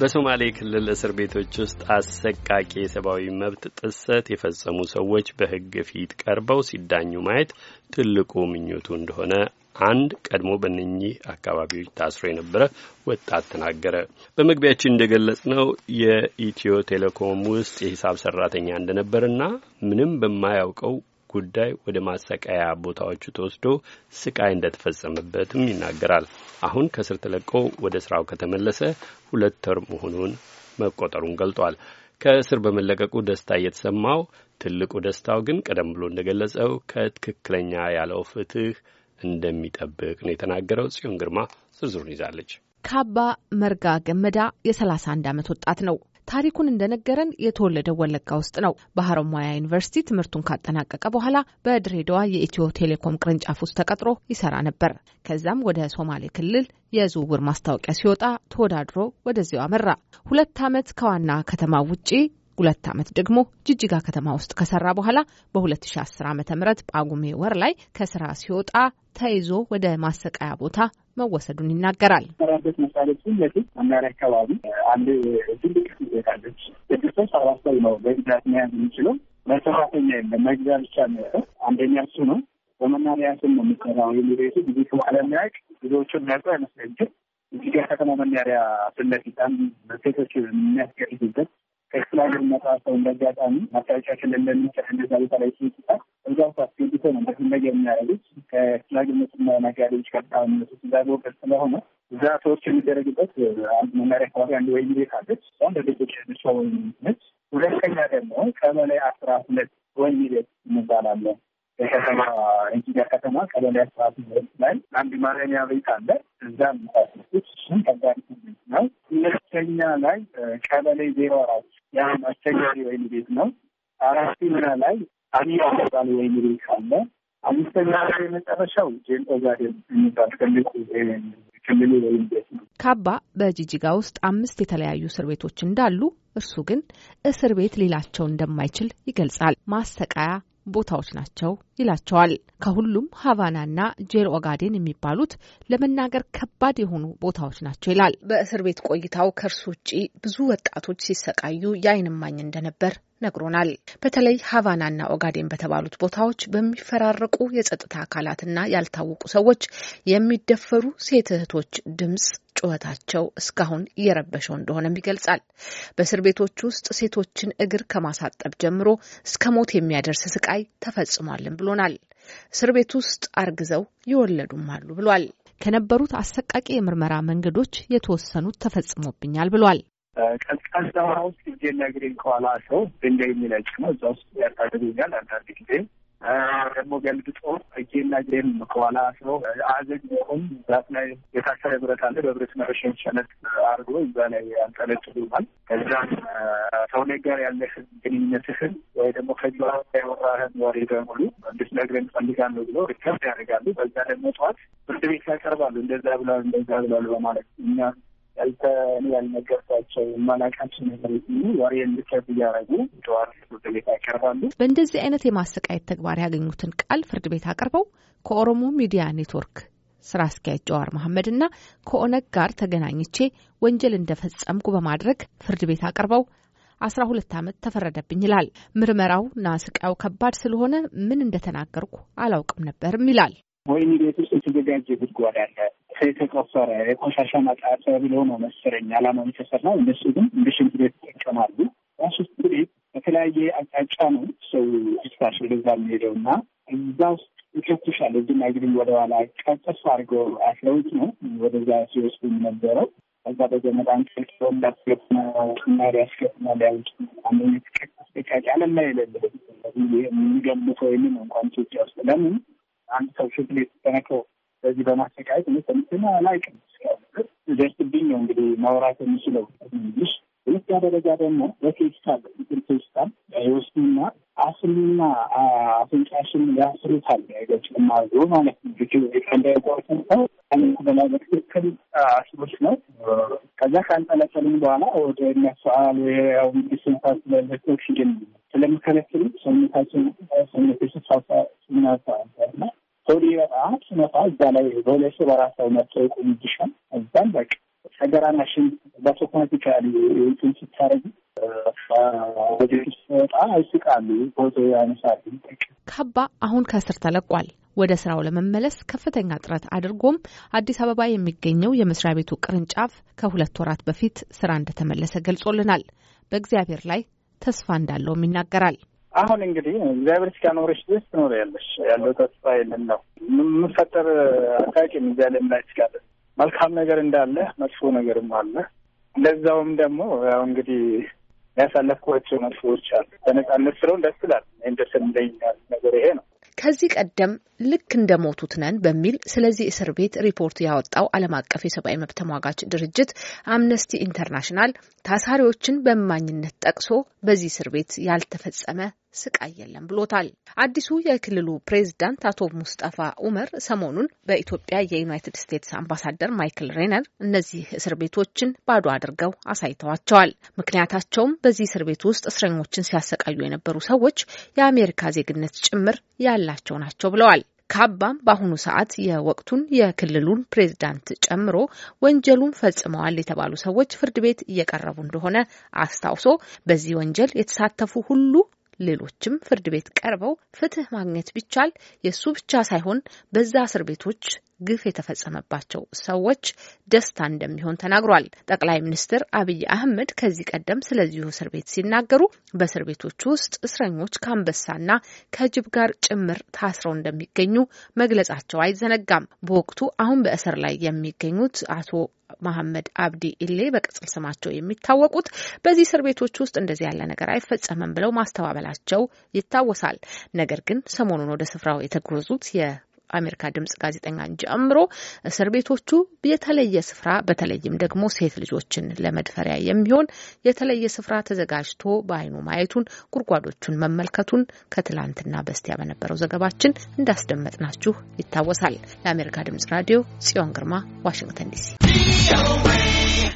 በሶማሌ ክልል እስር ቤቶች ውስጥ አሰቃቂ የሰብአዊ መብት ጥሰት የፈጸሙ ሰዎች በሕግ ፊት ቀርበው ሲዳኙ ማየት ትልቁ ምኞቱ እንደሆነ አንድ ቀድሞ በእነኚህ አካባቢዎች ታስሮ የነበረ ወጣት ተናገረ። በመግቢያችን እንደገለጽ ነው የኢትዮ ቴሌኮም ውስጥ የሂሳብ ሰራተኛ እንደነበርና ምንም በማያውቀው ጉዳይ ወደ ማሰቃያ ቦታዎቹ ተወስዶ ስቃይ እንደተፈጸመበትም ይናገራል። አሁን ከስር ተለቆ ወደ ስራው ከተመለሰ ሁለት ወር መሆኑን መቆጠሩን ገልጧል። ከእስር በመለቀቁ ደስታ እየተሰማው ትልቁ ደስታው ግን ቀደም ብሎ እንደገለጸው ከትክክለኛ ያለው ፍትህ እንደሚጠብቅ ነው የተናገረው። ጽዮን ግርማ ዝርዝሩን ይዛለች። ካባ መርጋ ገመዳ የ31 ዓመት ወጣት ነው። ታሪኩን እንደነገረን የተወለደው ወለጋ ውስጥ ነው። በሀረማያ ዩኒቨርሲቲ ትምህርቱን ካጠናቀቀ በኋላ በድሬዳዋ የኢትዮ ቴሌኮም ቅርንጫፍ ውስጥ ተቀጥሮ ይሰራ ነበር። ከዛም ወደ ሶማሌ ክልል የዝውውር ማስታወቂያ ሲወጣ ተወዳድሮ ወደዚያው አመራ። ሁለት ዓመት ከዋና ከተማ ውጪ ሁለት ዓመት ደግሞ ጅጅጋ ከተማ ውስጥ ከሰራ በኋላ በ2010 ዓ ም ጳጉሜ ወር ላይ ከስራ ሲወጣ ተይዞ ወደ ማሰቃያ ቦታ መወሰዱን ይናገራል። ሰራበት መሳሪያ ፊት ለፊት አመራ አካባቢ አንድ ትልቅ ቤታለች። ቤተሰብ አራት ሰው ነው በብዛት መያዝ የሚችለው በሰራተኛ የለም መግዛ ብቻ ነው። አንደኛ እሱ ነው። በመናሪያ ስም ነው የሚሰራው። ቤቱ ብዙ ሰው አለሚያቅ ብዙዎቹ የሚያውቁ አይመስለኝም። እዚህ ጋር ከተማ መናሪያ ፊት ለፊት አንድ ሴቶች የሚያስገድዱበት የሚመጣ ሰው እንደጋጣሚ ማስታወቂያ ክልል ለሚጨፍ እንደዛ ቦታ ላይ ሲጣ እዛው ሳስገድቶ ነው እንደዚህ ነገር የሚያደርጉት ከሽላግነትና ነጋዴዎች ከጣምነቱ ዛጎ ስለሆነ እዛ ሰዎች የሚደረግበት አንድ መመሪያ አካባቢ አንድ ወይ ቤት አለች። ሁን ለቤቶች ሰው ነች። ሁለተኛ ደግሞ ቀበሌ አስራ ሁለት ወይ ቤት እንባላለን የከተማ እንጂዳ ከተማ ቀበሌ አስራ ሁለት ላይ አንድ ማረሚያ ቤት አለ። እዛ ሳስች እሱም ከባድ ነው። ሁለተኛ ላይ ቀበሌ ዜሮ አራት የአንድ አስቸጋሪ ወይን ቤት ነው። አራት ሚና ላይ አብያ የሚባል ወይን ቤት አለ። አምስተኛ ላይ የመጨረሻው ጄንጦ ጋርደን የሚባል ትልቁ ክልሉ ወይን ቤት ነው። ካባ በጂጂጋ ውስጥ አምስት የተለያዩ እስር ቤቶች እንዳሉ እርሱ ግን እስር ቤት ሌላቸው እንደማይችል ይገልጻል። ማሰቃያ ቦታዎች ናቸው ይላቸዋል። ከሁሉም ሀቫናና ጄል ኦጋዴን የሚባሉት ለመናገር ከባድ የሆኑ ቦታዎች ናቸው ይላል። በእስር ቤት ቆይታው ከእርሱ ውጭ ብዙ ወጣቶች ሲሰቃዩ የአይን እማኝ እንደነበር ነግሮናል። በተለይ ሀቫናና ኦጋዴን በተባሉት ቦታዎች በሚፈራረቁ የጸጥታ አካላትና ያልታወቁ ሰዎች የሚደፈሩ ሴት እህቶች ድምጽ ጩኸታቸው እስካሁን እየረበሸው እንደሆነም ይገልጻል። በእስር ቤቶች ውስጥ ሴቶችን እግር ከማሳጠብ ጀምሮ እስከ ሞት የሚያደርስ ስቃይ ተፈጽሟልም ብሎናል። እስር ቤት ውስጥ አርግዘው ይወለዱም አሉ ብሏል። ከነበሩት አሰቃቂ የምርመራ መንገዶች የተወሰኑት ተፈጽሞብኛል ብሏል። ቀዝቃዛ ውሃ ውስጥ እጄና እግሬን ከኋላ ሰው ድንጋይ የሚነጭ ነው። እዛ ውስጥ ያታደገኛል። አንዳንድ ጊዜ ደግሞ ገልብጦ እጄና እግሬን ከኋላ ሰው አዘግ ሆን ዛት ላይ የታሰረ ብረት አለ። በብረት መረሻ ሸነት አድርጎ እዛ ላይ አንጠለጥሉናል። ከዛ ሰውነ ጋር ያለህን ግንኙነትህን ወይ ደግሞ ከጅዋ ያወራህን ወሬ በሙሉ እንድትነግረን ፈልጋለሁ ብሎ ሪከርድ ያደርጋሉ። በዛ ደግሞ ጠዋት ፍርድ ቤት ያቀርባሉ። እንደዛ ብሏል፣ እንደዛ ብሏል በማለት እኛ ያልተ ያልነገርኳቸው ማላቃቸው ነገር ወሬ እንድከብ እያረጉ ጨዋር ፍርድ ቤት ያቀርባሉ። በእንደዚህ አይነት የማሰቃየት ተግባር ያገኙትን ቃል ፍርድ ቤት አቅርበው ከኦሮሞ ሚዲያ ኔትወርክ ስራ አስኪያጅ ጀዋር መሐመድ እና ከኦነግ ጋር ተገናኝቼ ወንጀል እንደፈጸምኩ በማድረግ ፍርድ ቤት አቅርበው አስራ ሁለት ዓመት ተፈረደብኝ ይላል። ምርመራውና ስቃዩ ከባድ ስለሆነ ምን እንደተናገርኩ አላውቅም ነበርም ይላል። ወይኒ ቤት ውስጥ የተዘጋጀ ጉድጓድ አለ። የተቆፈረ የቆሻሻ ማጣሪያ ብለው ነው መሰለኝ አላማው የተሰራው። እነሱ ግን እንደ ሽንት ቤት ይጠቀማሉ። ራሱ ሽንት ቤት በተለያየ አቅጣጫ ነው ሰው ስታሽ ወደዛ የሚሄደው እና እዛ ውስጥ ይከቱሻል። እዚህ እንግዲህ ወደኋላ ቀጠፍ አድርገው አስረውት ነው ወደዛ ሲወስዱ ነበረው። ከዛ በገመድ አንጠልጥለው እንዳስገጥመው እና ሊያስገጥመው ሊያውጭ አንደኛ ተቀቃቂ አለም ላይ የሌለ የሚገምተው ይህንን እንኳን ኢትዮጵያ ውስጥ ለምን አንድ ሰው ሽንት ቤት ተነክሮ በዚህ በማሰቃየት እኔ ሰምቼም አላውቅም። ደርስብኝ ነው እንግዲህ ማውራት የሚችለው ሽ ሁለት ደረጃ ደግሞ በፌስታል ር ፌስታል የወስዱና አፍና አፍንጫሽን ያስሩታል። ገጭማ ዞ ማለት ነው እንዳይቆርሰው በማለት ትክክል አስሮች ነው። ከዛ ካንጠለጠልን በኋላ ወደ ነሰአል ያው ስንፋስ ለኦክሲጅን ስለሚከለክሉ ሰውነታችን ሰውነት ሽፋሳ ስናሳ ና ሆዴ በጣም ስነፋ እዛ ላይ በሁለቱ በራሳው መጥቶ ይቁም ይሻል እዛም በቃ ሰገራናሽን በሶኮነት ይችላል ትን ስታረጉ ወደ አይስቃሉ፣ ፎቶ ያነሳሉ። ካባ አሁን ከእስር ተለቋል። ወደ ስራው ለመመለስ ከፍተኛ ጥረት አድርጎም አዲስ አበባ የሚገኘው የመስሪያ ቤቱ ቅርንጫፍ ከሁለት ወራት በፊት ስራ እንደተመለሰ ገልጾልናል። በእግዚአብሔር ላይ ተስፋ እንዳለውም ይናገራል። አሁን እንግዲህ እግዚአብሔር እስኪያኖረች ድረስ ትኖሪያለሽ ያለው ተስፋ የለን ነው። የምንፈጠር አታውቂም። እዚያ ዓለም ላይ እስካለ መልካም ነገር እንዳለ መጥፎ ነገርም አለ። ለዛውም ደግሞ ያው እንግዲህ ያሳለፍኳቸው መጥፎዎች አሉ። በነጻነት ስለሆን ደስ ይላል። ደስ እንደኛል ነገር ይሄ ነው። ከዚህ ቀደም ልክ እንደ ሞቱት ነን በሚል ስለዚህ እስር ቤት ሪፖርት ያወጣው ዓለም አቀፍ የሰብአዊ መብት ተሟጋች ድርጅት አምነስቲ ኢንተርናሽናል ታሳሪዎችን በማኝነት ጠቅሶ በዚህ እስር ቤት ያልተፈጸመ ስቃይ የለም ብሎታል። አዲሱ የክልሉ ፕሬዝዳንት አቶ ሙስጠፋ ኡመር ሰሞኑን በኢትዮጵያ የዩናይትድ ስቴትስ አምባሳደር ማይክል ሬነር እነዚህ እስር ቤቶችን ባዶ አድርገው አሳይተዋቸዋል። ምክንያታቸውም በዚህ እስር ቤት ውስጥ እስረኞችን ሲያሰቃዩ የነበሩ ሰዎች የአሜሪካ ዜግነት ጭምር ያላቸው ናቸው ብለዋል። ካባም በአሁኑ ሰዓት የወቅቱን የክልሉን ፕሬዝዳንት ጨምሮ ወንጀሉን ፈጽመዋል የተባሉ ሰዎች ፍርድ ቤት እየቀረቡ እንደሆነ አስታውሶ በዚህ ወንጀል የተሳተፉ ሁሉ ሌሎችም ፍርድ ቤት ቀርበው ፍትህ ማግኘት ቢቻል የእሱ ብቻ ሳይሆን በዛ እስር ቤቶች ግፍ የተፈጸመባቸው ሰዎች ደስታ እንደሚሆን ተናግሯል። ጠቅላይ ሚኒስትር አብይ አህመድ ከዚህ ቀደም ስለዚሁ እስር ቤት ሲናገሩ በእስር ቤቶች ውስጥ እስረኞች ከአንበሳና ከጅብ ጋር ጭምር ታስረው እንደሚገኙ መግለጻቸው አይዘነጋም። በወቅቱ አሁን በእስር ላይ የሚገኙት አቶ መሐመድ አብዲ ኢሌ በቅጽል ስማቸው የሚታወቁት በዚህ እስር ቤቶች ውስጥ እንደዚህ ያለ ነገር አይፈጸምም ብለው ማስተባበላቸው ይታወሳል። ነገር ግን ሰሞኑን ወደ ስፍራው የተጓዙት አሜሪካ ድምጽ ጋዜጠኛን ጨምሮ እስር ቤቶቹ የተለየ ስፍራ በተለይም ደግሞ ሴት ልጆችን ለመድፈሪያ የሚሆን የተለየ ስፍራ ተዘጋጅቶ በአይኑ ማየቱን ጉድጓዶቹን መመልከቱን ከትላንትና በስቲያ በነበረው ዘገባችን እንዳስደመጥናችሁ ይታወሳል። ለአሜሪካ ድምጽ ራዲዮ ጽዮን ግርማ ዋሽንግተን ዲሲ